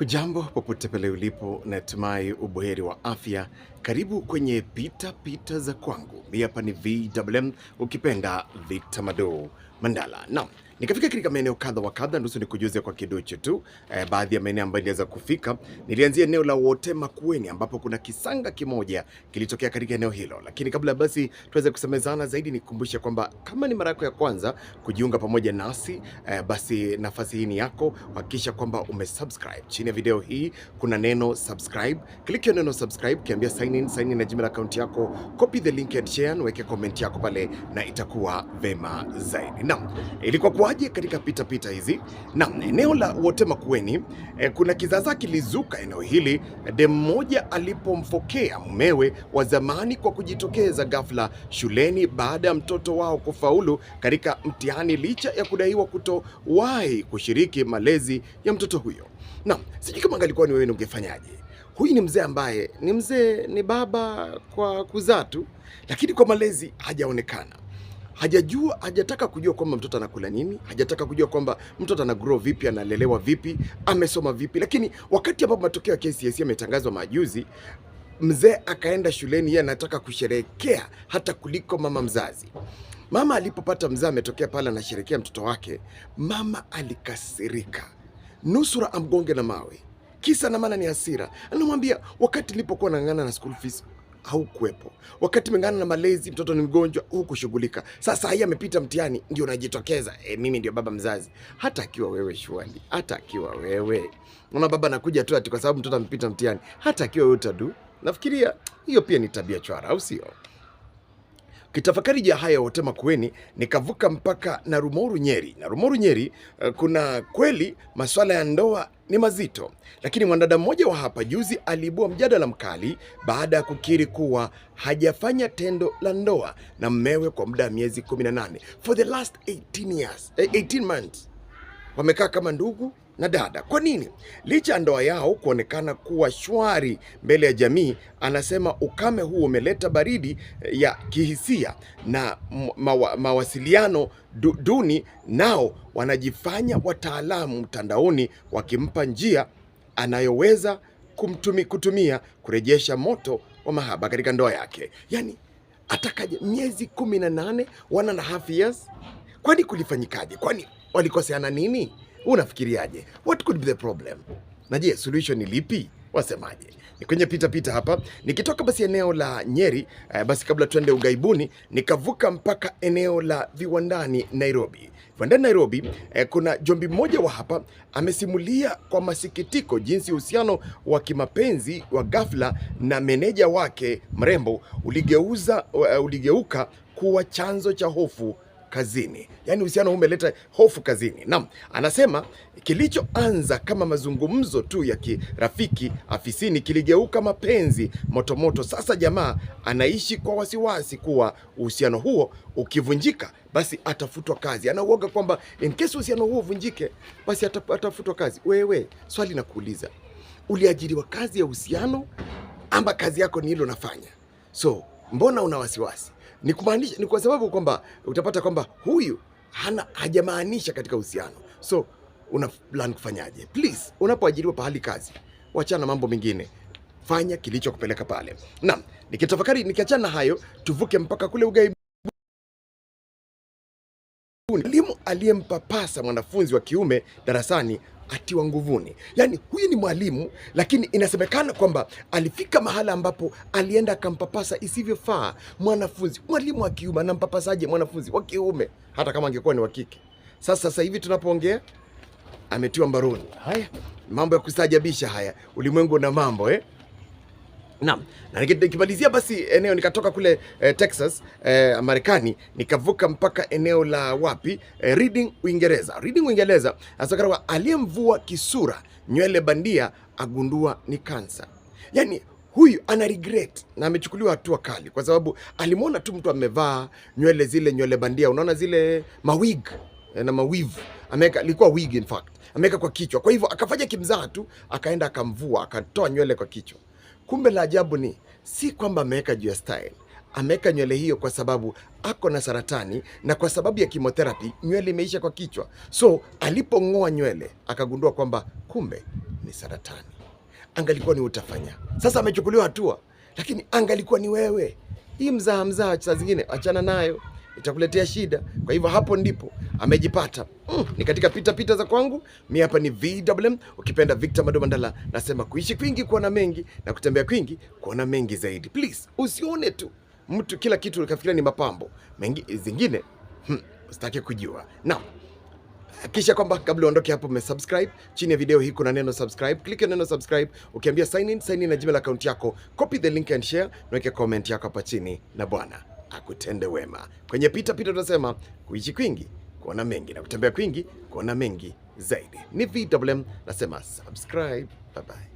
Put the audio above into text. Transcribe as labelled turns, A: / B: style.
A: Hujambo popote pale ulipo, natumai ubuheri wa afya. Karibu kwenye pita pita za kwangu. Mi hapa ni VMM, ukipenda Victor Mado Mandala. Naam. Nikafika katika maeneo kadha wa kadha, nusu nikujuze kwa kiduchu tu e, baadhi ya maeneo ambayo niliweza kufika. Nilianzia eneo la Wote Makueni, ambapo kuna kisanga kimoja kilitokea katika eneo hilo, lakini kabla basi tuweze kusemezana zaidi, nikukumbushe kwamba kama ni mara yako ya kwanza kujiunga pamoja nasi e, basi nafasi hii ni yako. Hakikisha kwamba umesubscribe. Chini ya video hii kuna neno subscribe, click hiyo neno subscribe, kiambia sign in, sign in na Gmail account yako, copy the link and share, weke comment yako pale na itakuwa vema zaidi. Naam, ilikuwa kwa mauaji katika pitapita hizi. Na eneo la wote makueni eh, kuna kizaza kilizuka eneo hili eh, dem mmoja alipomfokea mumewe wa zamani kwa kujitokeza ghafla shuleni baada ya mtoto wao kufaulu katika mtihani licha ya kudaiwa kutowahi kushiriki malezi ya mtoto huyo. Na sijui kama angalikuwa ni wewe ungefanyaje? Huyu ni mzee ambaye ni mzee, ni baba kwa kuzaa tu, lakini kwa malezi hajaonekana hajajua, hajataka kujua kwamba mtoto anakula nini, hajataka kujua kwamba mtoto ana grow vipi, analelewa vipi, amesoma vipi. Lakini wakati ambapo matokeo ya KCSE yametangazwa majuzi, mzee akaenda shuleni, yeye anataka kusherehekea hata kuliko mama mzazi. Mama alipopata mzee ametokea pale anasherekea mtoto wake, mama alikasirika, nusura amgonge na mawe. Kisa na maana ni hasira. Anamwambia wakati nilipokuwa nang'ana na school fees haukuwepo. Wakati mengana na malezi, mtoto ni mgonjwa, hukushughulika. Sasa hii amepita mtihani, ndio unajitokeza e, eh, mimi ndio baba mzazi. Hata akiwa wewe Shwandi, hata akiwa wewe naona baba anakuja tu ati kwa sababu mtoto amepita mtihani, hata akiwa wewe utadu. Nafikiria hiyo pia ni tabia chwara, au sio? Kitafakari ja haya wote makueni, nikavuka mpaka na Rumoru Nyeri. Na Rumoru Nyeri eh, kuna kweli masuala ya ndoa ni mazito, lakini mwanadada mmoja wa hapa juzi aliibua mjadala mkali baada ya kukiri kuwa hajafanya tendo la ndoa na mmewe kwa muda wa miezi 18 for the last 18 years, 18 eh, months. Wamekaa kama ndugu na dada. Kwa nini? Licha ya ndoa yao kuonekana kuwa shwari mbele ya jamii, anasema ukame huu umeleta baridi eh, ya kihisia na mawa, mawasiliano du, duni. Nao wanajifanya wataalamu mtandaoni, wakimpa njia anayoweza kumtumi, kutumia kurejesha moto wa mahaba katika ndoa yake. Yani atakaje? Miezi kumi na nane, one and a half years. Kwani kulifanyikaje? Kwani walikoseana nini? Unafikiriaje? What could be the problem? Na je, solution ni lipi? Wasemaje? Ni kwenye pita pita hapa nikitoka basi eneo la Nyeri eh, basi kabla tuende ugaibuni nikavuka mpaka eneo la viwandani Nairobi. Viwandani Nairobi eh, kuna jombi mmoja wa hapa amesimulia kwa masikitiko jinsi uhusiano wa kimapenzi wa ghafla na meneja wake mrembo uligeuza uh, uligeuka kuwa chanzo cha hofu kazini, yaani uhusiano umeleta hofu kazini. Naam, anasema kilichoanza kama mazungumzo tu ya kirafiki afisini kiligeuka mapenzi motomoto. Sasa jamaa anaishi kwa wasiwasi kuwa uhusiano huo ukivunjika basi atafutwa kazi. Anauoga kwamba in case uhusiano huo uvunjike, basi atafutwa kazi. Wewe swali na kuuliza, uliajiriwa kazi ya uhusiano ama kazi yako ni hilo unafanya? So mbona una wasiwasi? ni kumaanisha, ni kwa sababu kwamba utapata kwamba huyu hana hajamaanisha katika uhusiano. So una plan kufanyaje? Please, unapoajiriwa pahali kazi, wachana mambo mengine, fanya kilichokupeleka pale. Na nikitafakari, nikiachana hayo, tuvuke mpaka kule ugaibuni. Mwalimu aliyempapasa mwanafunzi wa kiume darasani atiwa nguvuni. Yaani huyu ni mwalimu, lakini inasemekana kwamba alifika mahala ambapo alienda akampapasa isivyofaa mwanafunzi. Mwalimu wa kiume anampapasaje mwanafunzi wa kiume, hata kama angekuwa ni wa kike? Sasa sasa hivi tunapoongea ametiwa mbaroni. Haya mambo ya kusajabisha haya, ulimwengu una mambo eh? Naam, na nikimalizia basi eneo nikatoka kule eh, Texas eh, Marekani nikavuka mpaka eneo la wapi eh, Reading Uingereza. Reading Uingereza asakarwa aliyemvua kisura nywele bandia agundua ni kansa. Yaani huyu ana regret na amechukuliwa hatua kali kwa sababu alimwona tu mtu amevaa nywele zile nywele bandia, unaona zile mawig eh, na mawivu ameweka, ilikuwa wig in fact, ameweka kwa kichwa. Kwa hivyo akafanya kimzaa tu, akaenda akamvua, akatoa nywele kwa kichwa. Kumbe la ajabu ni si kwamba ameweka juu ya style, ameweka nywele hiyo kwa sababu ako na saratani na kwa sababu ya kimotherapi nywele imeisha kwa kichwa. So alipong'oa nywele akagundua kwamba kumbe ni saratani. Angalikuwa ni utafanya sasa, amechukuliwa hatua, lakini angalikuwa ni wewe, hii mzaha mzaha saa zingine achana nayo itakuletea shida. Kwa hivyo hapo ndipo amejipata mm, ni katika pita pita za kwangu mi hapa ni VMM, ukipenda Victor Mado Mandala. Nasema kuishi kwingi kuona mengi na kutembea kwingi kuona mengi zaidi. Please usione tu mtu kila kitu ukafikiria ni mapambo mengi, zingine hmm, usitaki kujua na kisha kwamba kabla uondoke hapo, umesubscribe chini ya video hii, kuna neno subscribe, click neno subscribe, ukiambia sign in, sign in na Gmail account yako, copy the link and share, naweke comment yako hapa chini na bwana akutende wema. Kwenye pita pita tunasema kuishi kwingi kuona mengi na kutembea kwingi kuona mengi zaidi. Ni VMM, nasema subscribe. Bye bye.